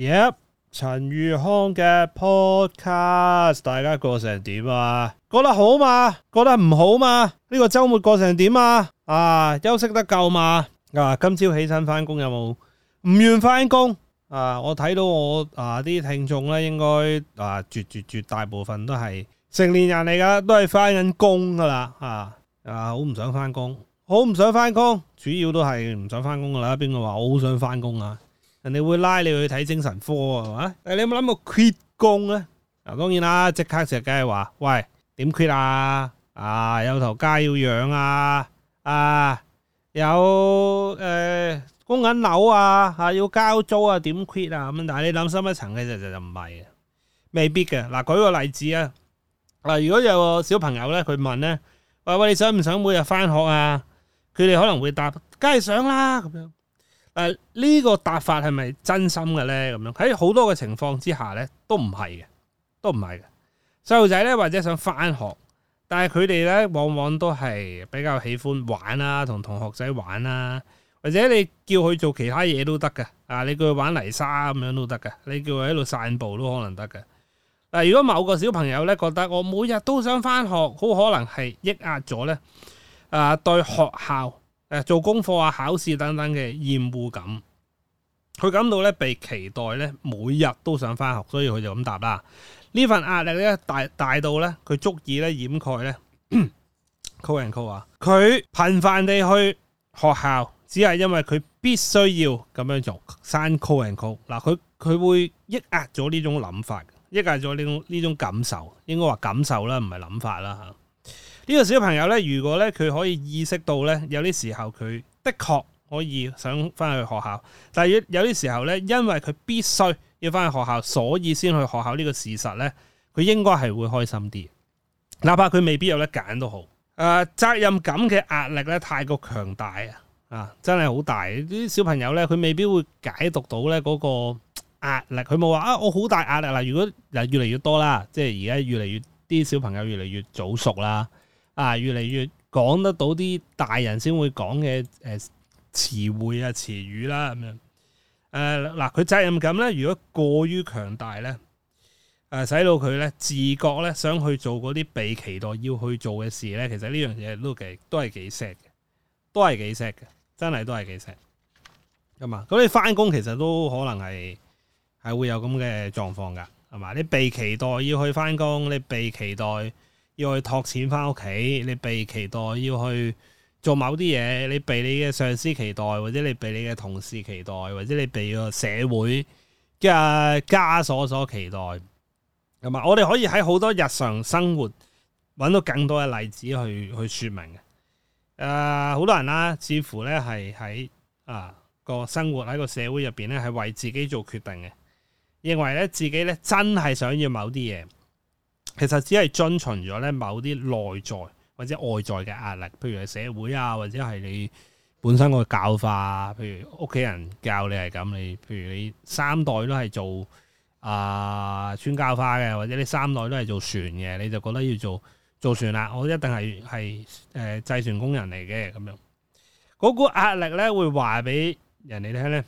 Yep，陳宇康嘅 podcast，大家過成點啊？過得好嘛？過得唔好嘛？呢個周末過成點啊？啊，休息得夠嘛？啊，今朝起身翻工，有冇唔願翻工？啊，我睇到我啊啲聽眾咧，應該啊絕絕絕絕大部分都係成年人嚟噶，都係翻緊工噶啦。啊啊，好唔想翻工，好唔想翻工，主要都係唔想翻工噶啦。邊個話我好想翻工啊？人哋會拉你去睇精神科啊，係嘛？誒，你有冇諗過缺 u i 工啊？嗱，當然啦，即刻成日梗係話，喂，點缺 u 啊？啊，有頭家要養啊，啊，有誒、呃、供緊樓啊，嚇、啊、要交租啊，點缺 u 啊？咁但係你諗深一層，其實就唔係嘅，未必嘅。嗱、啊，舉個例子啊，嗱，如果有個小朋友咧，佢問咧，喂喂，你想唔想每日翻學啊？佢哋可能會答，梗係想啦，咁樣。誒呢個答法係咪真心嘅呢？咁樣喺好多嘅情況之下呢，都唔係嘅，都唔係嘅。細路仔呢，或者想返學，但係佢哋呢，往往都係比較喜歡玩啦，同同學仔玩啦，或者你叫佢做其他嘢都得嘅。啊，你叫佢玩泥沙咁樣都得嘅，你叫佢喺度散步都可能得嘅。嗱、啊，如果某個小朋友呢，覺得我每日都想返學，好可能係抑壓咗呢誒，對學校誒，做功課啊、考試等等嘅厭惡感，佢感到咧被期待咧，每日都想翻學，所以佢就咁答啦。呢份壓力咧，大大到咧，佢足以咧掩蓋咧。call and call 啊，佢 頻繁地去學校，只係因為佢必須要咁樣做。生 call and call 嗱，佢佢會抑壓咗呢種諗法，抑壓咗呢種呢種感受，應該話感受啦，唔係諗法啦吓。呢個小朋友呢，如果呢，佢可以意識到呢，有啲時候佢的確可以想翻去學校，但係有啲時候呢，因為佢必須要翻去學校，所以先去學校呢個事實呢，佢應該係會開心啲，哪怕佢未必有得揀都好。誒、呃，責任感嘅壓力呢，太過強大啊！啊，真係好大。呢啲小朋友呢，佢未必會解讀到呢嗰個壓力。佢冇話啊，我好大壓力喇。如果越嚟越多啦，即係而家越嚟越啲小朋友越嚟越早熟啦。啊，越嚟越講得到啲大人先會講嘅誒詞彙啊、詞語啦咁樣。誒、呃、嗱，佢、呃、責任感咧，如果過於強大咧，誒、呃、使到佢咧自覺咧想去做嗰啲被期待要去做嘅事咧，其實呢樣嘢都幾都係幾 sad 嘅，都係幾 sad 嘅，真係都係幾 sad 噶嘛。咁你翻工其實都可能係係會有咁嘅狀況㗎，係嘛？你被期待要去翻工，你被期待。要去托錢翻屋企，你被期待要去做某啲嘢，你被你嘅上司期待，或者你被你嘅同事期待，或者你被個社會嘅枷鎖所期待。咁啊，我哋可以喺好多日常生活揾到更多嘅例子去去說明嘅。誒、呃，好多人啦、啊，似乎咧係喺啊個生活喺個社會入邊咧係為自己做決定嘅，認為咧自己咧真係想要某啲嘢。其實只係遵循咗咧某啲內在或者外在嘅壓力，譬如係社會啊，或者係你本身個教化，譬如屋企人教你係咁，你譬如你三代都係做啊穿膠花嘅，或者你三代都係做船嘅，你就覺得要做做船啦，我一定係係誒製船工人嚟嘅咁樣，嗰、那、股、個、壓力咧會話俾人哋聽咧，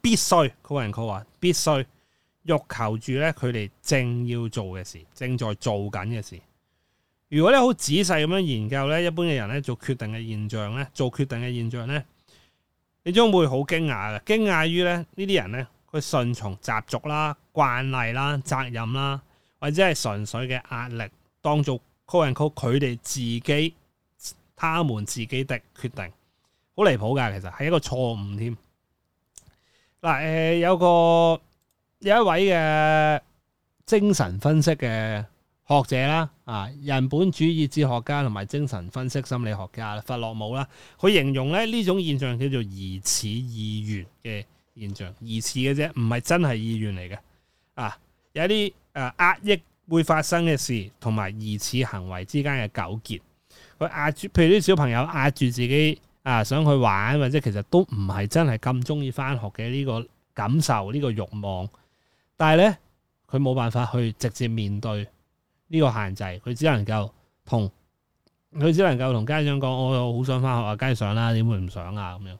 必須佢話佢話必須。必須欲求住咧，佢哋正要做嘅事，正在做緊嘅事。如果咧好仔細咁樣研究咧，一般嘅人咧做決定嘅現象咧，做決定嘅現象咧，你將會好驚訝嘅，驚訝於咧呢啲人咧佢順從習俗啦、慣例啦、責任啦，或者係純粹嘅壓力，當做 call a call 佢哋自己、他們自己的決定，好離譜噶，其實係一個錯誤添。嗱、呃，誒有個。有一位嘅精神分析嘅學者啦，啊，人本主義哲學家同埋精神分析心理學家啦，弗洛姆啦，佢、啊、形容咧呢種現象叫做疑似意願嘅現象，疑似嘅啫，唔係真係意願嚟嘅。啊，有一啲誒壓抑會發生嘅事，同埋疑似行為之間嘅糾結，佢壓住，譬如啲小朋友壓住自己啊想去玩，或者其實都唔係真係咁中意翻學嘅呢個感受，呢、這個欲望。但係咧，佢冇辦法去直接面對呢個限制，佢只能夠同佢只能夠同家長講：我好想翻學啊，梗係上啦，點會唔想啊？咁樣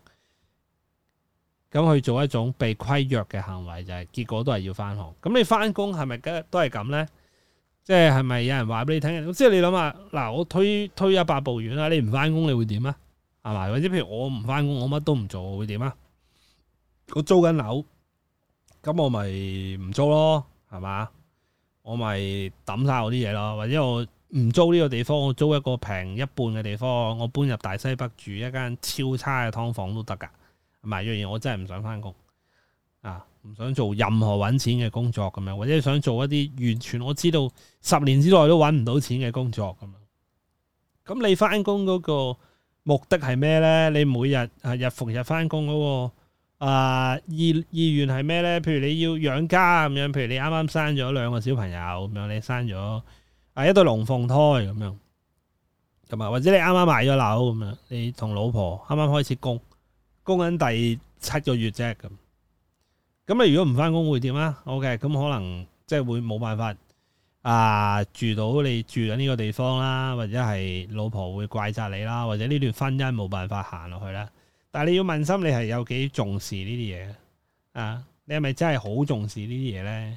咁去做一種被規約嘅行為，就係結果都係要翻學。咁你翻工係咪都係咁咧？即係係咪有人話俾你聽？即係你諗下，嗱，我推推一百步遠啦，你唔翻工你會點啊？係咪？或者譬如我唔翻工，我乜都唔做，我會點啊？我租緊樓。咁我咪唔租咯，係嘛？我咪抌晒我啲嘢咯，或者我唔租呢個地方，我租一個平一半嘅地方，我搬入大西北住一間超差嘅劏房都得噶。係咪？呢樣嘢我真係唔想翻工，啊，唔想做任何揾錢嘅工作咁樣，或者想做一啲完全我知道十年之內都揾唔到錢嘅工作咁樣。咁你翻工嗰個目的係咩呢？你每日係日逢日翻工嗰個？啊、呃、意意願係咩咧？譬如你要養家咁樣，譬如你啱啱生咗兩個小朋友咁樣，你生咗啊一對龍鳳胎咁樣，咁啊或者你啱啱買咗樓咁樣，你同老婆啱啱開始供，供緊第七個月啫咁，咁你如果唔翻工會點啊？OK，咁可能即係會冇辦法啊、呃、住到你住緊呢個地方啦，或者係老婆會怪責你啦，或者呢段婚姻冇辦法行落去啦。但係你要問心，你係有幾重視呢啲嘢啊？你係咪真係好重視呢啲嘢咧？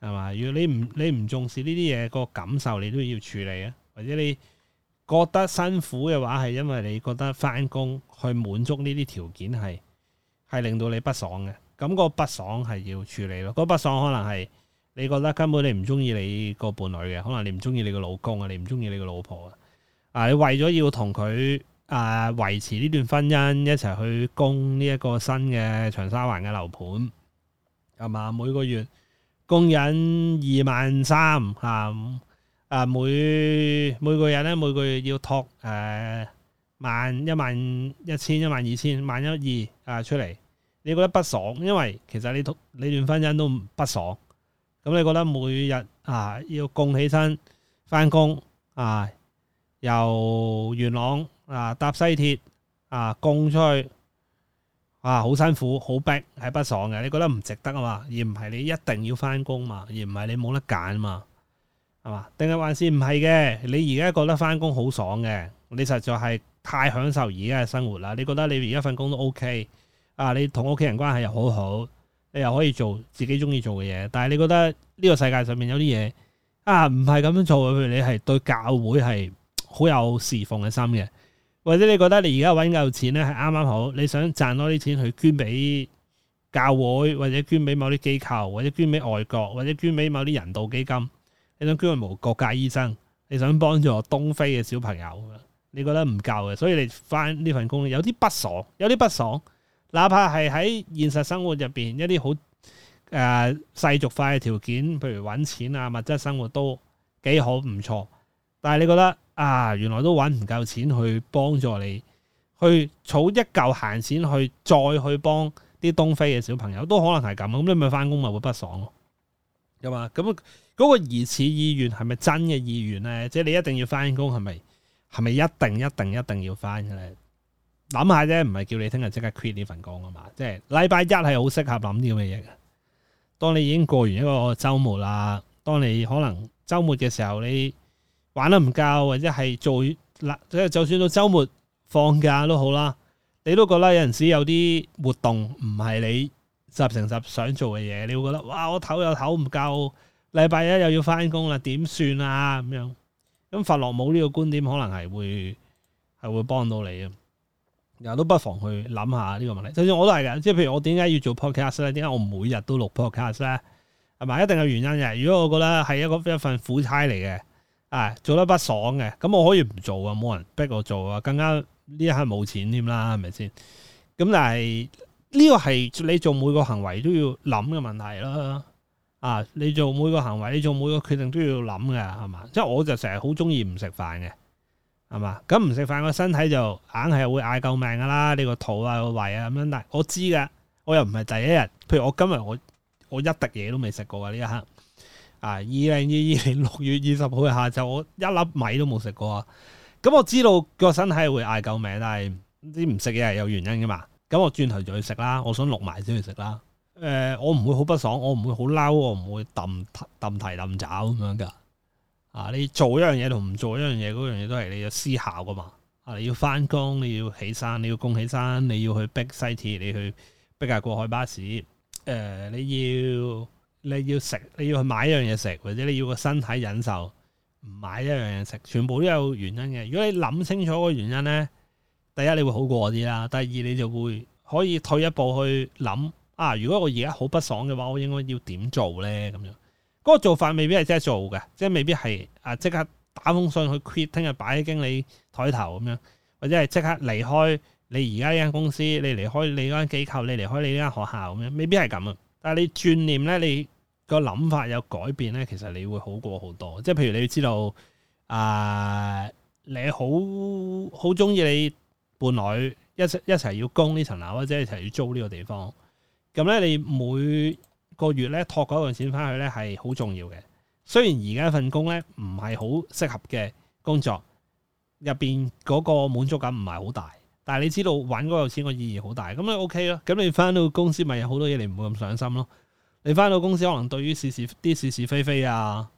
係嘛？如果你唔你唔重視呢啲嘢，個感受你都要處理啊。或者你覺得辛苦嘅話，係因為你覺得翻工去滿足呢啲條件係係令到你不爽嘅，咁、個不爽係要處理咯、啊。個不爽可能係你覺得根本你唔中意你個伴侶嘅，可能你唔中意你個老公啊，你唔中意你個老婆啊。啊，你為咗要同佢。誒、啊、維持呢段婚姻，一齊去供呢一個新嘅長沙灣嘅樓盤，係嘛、啊啊？每個月供人二萬三，嚇！誒每每個人咧，每個月要託誒萬一萬一千、一萬二千、萬一二誒出嚟，你覺得不爽？因為其實你你段婚姻都不爽，咁你覺得每日啊要供起身翻工啊，由元朗。啊！搭西鐵啊，供出去啊，好辛苦，好逼，係不爽嘅。你覺得唔值得啊嘛？而唔係你一定要返工嘛？而唔係你冇得揀嘛？係嘛？定係還是唔係嘅？你而家覺得返工好爽嘅？你實在係太享受而家嘅生活啦！你覺得你而家份工都 OK 啊？你同屋企人關係又好好，你又可以做自己中意做嘅嘢。但係你覺得呢個世界上面有啲嘢啊，唔係咁樣做嘅。你係對教會係好有侍奉嘅心嘅。或者你覺得你而家揾夠錢咧係啱啱好，你想賺多啲錢去捐俾教會，或者捐俾某啲機構，或者捐俾外國，或者捐俾某啲人道基金，你想捐去無國界醫生，你想幫助東非嘅小朋友，你覺得唔夠嘅，所以你返呢份工有啲不爽，有啲不爽。哪怕係喺現實生活入邊一啲好誒世俗化嘅條件，譬如揾錢啊、物質生活都幾好唔錯，但係你覺得。啊，原來都揾唔夠錢去幫助你，去儲一嚿閒錢，錢去，再去幫啲東非嘅小朋友，都可能係咁。咁你咪翻工咪會不爽咯，嘅嘛吧？咁嗰、嗯嗰個疑似意願係咪真嘅意願呢？即係你一定要翻工，係咪係咪一定一定一定要翻嘅呢？諗下啫，唔係叫你聽日即刻 quit 呢份工啊嘛！即係禮拜一係好適合諗啲咁嘅嘢嘅。當你已經過完一個週末啦，當你可能週末嘅時候你。玩得唔夠，或者係做嗱，即係就算到週末放假都好啦，你都覺得有陣時有啲活動唔係你十成十想做嘅嘢，你會覺得哇，我唞又唞唔夠，禮拜一又要翻工啦，點算啊咁樣？咁佛羅姆呢個觀點，可能係會係會幫到你啊！然後都不妨去諗下呢個問題。就算我都係㗎，即係譬如我點解要做 podcast 咧？點解我每日都錄 podcast 咧？係咪一定有原因嘅？如果我覺得係一個一份苦差嚟嘅。啊，做得不爽嘅，咁我可以唔做啊，冇人逼我做啊，更加呢一刻冇錢添啦，係咪先？咁但係呢個係你做每個行為都要諗嘅問題囉。啊，你做每個行為，你做每個決定都要諗嘅，係嘛？即係我就成日好中意唔食飯嘅，係嘛？咁唔食飯，個身體就硬係會嗌救命噶啦。你個肚啊，個胃啊，咁樣但係，我知噶，我又唔係第一日。譬如我今日我我一滴嘢都未食過啊，呢一刻。啊！二零二二年六月二十號嘅下晝，我一粒米都冇食過。咁、嗯、我知道個身體係會嗌救命，但係啲唔食嘢係有原因噶嘛。咁我轉頭就去食啦，我想錄埋先去食啦。誒、呃，我唔會好不爽，我唔會好嬲，我唔會氹氹提氹爪咁樣噶。啊，你做一樣嘢同唔做一樣嘢，嗰樣嘢都係你要思考噶嘛。啊，你要翻工，你要起山，你要供起山，你要去逼西鐵，你去逼架過海巴士。誒、呃呃，你要。你要食，你要去買一樣嘢食，或者你要個身體忍受唔買一樣嘢食，全部都有原因嘅。如果你諗清楚個原因咧，第一你會好過啲啦，第二你就會可以退一步去諗啊。如果我而家好不爽嘅話，我應該要點做咧？咁樣嗰個做法未必係即刻做嘅，即係未必係啊！即刻打封信去 quit，聽日擺喺經理台頭咁樣，或者係即刻離開你而家呢間公司，你離開你嗰間機構，你離開你呢間學校咁樣，未必係咁啊。但係你轉念咧，你個諗法有改變咧，其實你會好過好多。即係譬如你知道，啊、呃，你好好中意你伴侶一一齊要供呢層樓，或者一齊要租呢個地方。咁咧，你每個月咧托嗰樣錢翻去咧，係好重要嘅。雖然而家份工咧唔係好適合嘅工作，入邊嗰個滿足感唔係好大。但係你知道揾嗰嚿錢個意義好大，咁、OK、你 OK 咯。咁你翻到公司咪有好多嘢你唔會咁上心咯。你翻到公司可能對於是是啲是是非非啊，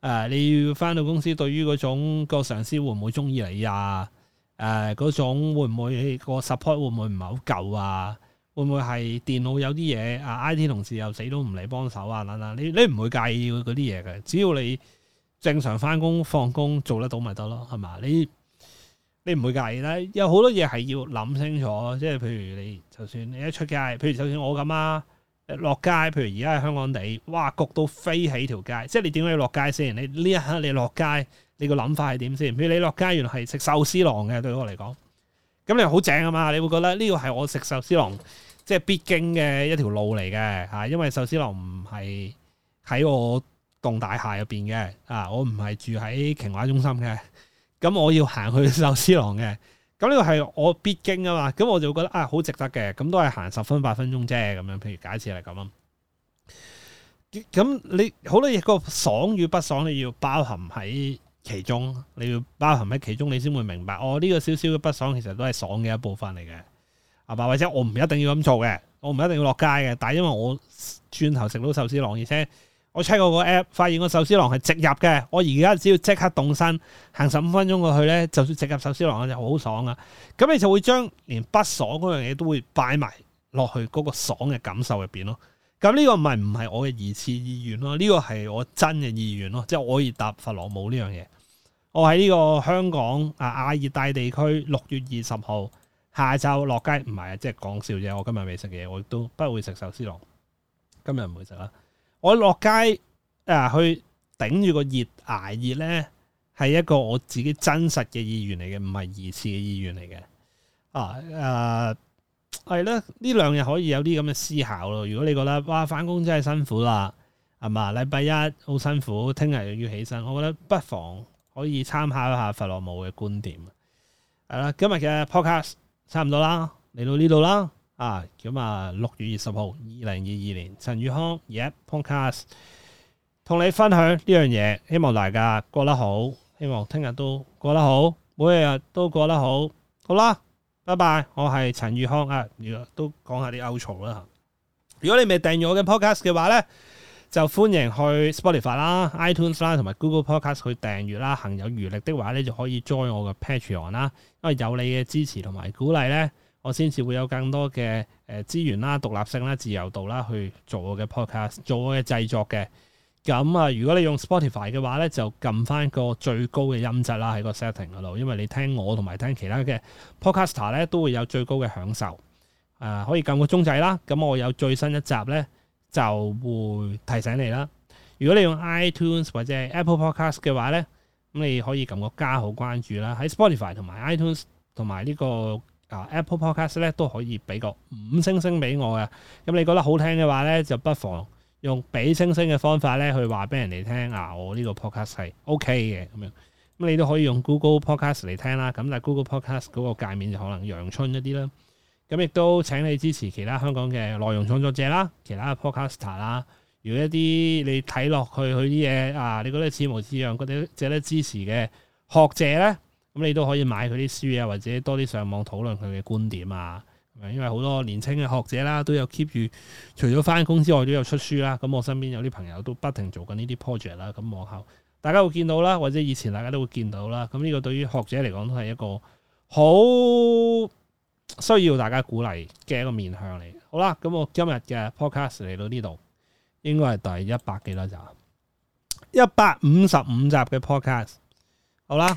誒、呃、你要翻到公司對於嗰種、嗰個上司會唔會中意你啊？誒、呃、嗰種會唔會、嗰個 support 會唔會唔係好夠啊？會唔會係電腦有啲嘢啊 IT 同事又死都唔嚟幫手啊？嗱嗱，你你唔會介意嗰啲嘢嘅，只要你正常翻工放工做得到咪得咯，係嘛？你。你唔會介意啦，有好多嘢係要諗清楚，即係譬如你就算你一出街，譬如就算我咁啊，落街，譬如而家喺香港地，哇焗到飛起條街，即係你點解要落街先？你呢一刻你落街，你個諗法係點先？譬如你落街，原來係食壽司郎嘅，對我嚟講，咁你好正啊嘛！你會覺得呢個係我食壽司郎，即係必經嘅一條路嚟嘅嚇，因為壽司郎唔係喺我棟大廈入邊嘅啊，我唔係住喺瓊華中心嘅。咁我要行去壽司郎嘅，咁呢個係我必經啊嘛，咁我就覺得啊好值得嘅，咁都係行十分八分鐘啫，咁樣。譬如假設係咁啊，咁你好多嘢，個爽與不爽，你要包含喺其中，你要包含喺其中，你先會明白。我、哦、呢、這個少少嘅不爽，其實都係爽嘅一部分嚟嘅，係嘛？或者我唔一定要咁做嘅，我唔一定要落街嘅，但係因為我轉頭食到壽司郎，而且。我 check 過個 app，發現個壽司郎係直入嘅。我而家只要即刻動身，行十五分鐘過去咧，就算直入壽司郎，就好爽啊！咁你就會將連不爽嗰樣嘢都會擺埋落去嗰個爽嘅感受入邊咯。咁呢個唔係唔係我嘅疑似意願咯，呢個係我真嘅意願咯，即係我可以搭佛羅姆呢樣嘢。我喺呢個香港啊，亞熱帶地區六月二十號下晝落街唔係啊，即係講笑啫。我今日未食嘢，我都不會食壽司郎，今日唔會食啦。我落街啊、呃，去頂住個熱挨熱咧，係一個我自己真實嘅意願嚟嘅，唔係疑似嘅意願嚟嘅。啊，誒、呃，係啦，呢兩日可以有啲咁嘅思考咯。如果你覺得哇，翻工真係辛苦啦，係嘛？禮拜一好辛苦，聽日又要起身。我覺得不妨可以參考一下佛洛姆嘅觀點。係、啊、啦，今日嘅 podcast 差唔多啦，嚟到呢度啦。啊，咁啊，六月二十號，二零二二年，陳宇康 yep podcast 同你分享呢樣嘢，希望大家過得好，希望聽日都過得好，每日都過得好，好啦，拜拜，我係陳宇康啊，都講下啲 outro 啦，如果你未訂閱我嘅 podcast 嘅話呢，就歡迎去 Spotify 啦、iTunes 啦同埋 Google Podcast 去訂閱啦，行有餘力的話呢，就可以 join 我嘅 Patreon 啦，因為有你嘅支持同埋鼓勵呢。我先至會有更多嘅誒資源啦、獨立性啦、自由度啦，去做我嘅 podcast，做我嘅製作嘅。咁啊，如果你用 Spotify 嘅話咧，就撳翻個最高嘅音質啦，喺個 setting 度，因為你聽我同埋聽其他嘅 podcaster 咧，都會有最高嘅享受啊。誒，可以撳個鐘仔啦。咁我有最新一集咧，就會提醒你啦。如果你用 iTunes 或者 Apple Podcast 嘅話咧，咁你可以撳個加號關注啦。喺 Spotify 同埋 iTunes 同埋、這、呢個。啊、Apple Podcast 咧都可以俾個五星星俾我嘅，咁你覺得好聽嘅話咧，就不妨用俾星星嘅方法咧去話俾人哋聽啊，我呢個 podcast 係 OK 嘅咁樣，咁你都可以用 Google Podcast 嚟聽啦，咁但係 Google Podcast 嗰個界面就可能陽春一啲啦，咁亦都請你支持其他香港嘅內容創作者啦，其他嘅 podcaster 啦，如果一啲你睇落去佢啲嘢啊，你覺得似模似樣，覺得值得支持嘅學者咧。咁你都可以買佢啲書啊，或者多啲上網討論佢嘅觀點啊。因為好多年輕嘅學者啦，都有 keep 住除咗翻工之外，都有出書啦。咁我身邊有啲朋友都不停做緊呢啲 project 啦。咁往後大家會見到啦，或者以前大家都會見到啦。咁呢個對於學者嚟講都係一個好需要大家鼓勵嘅一個面向嚟。好啦，咁我今日嘅 podcast 嚟到呢度，應該係第一百幾多集？一百五十五集嘅 podcast。好啦。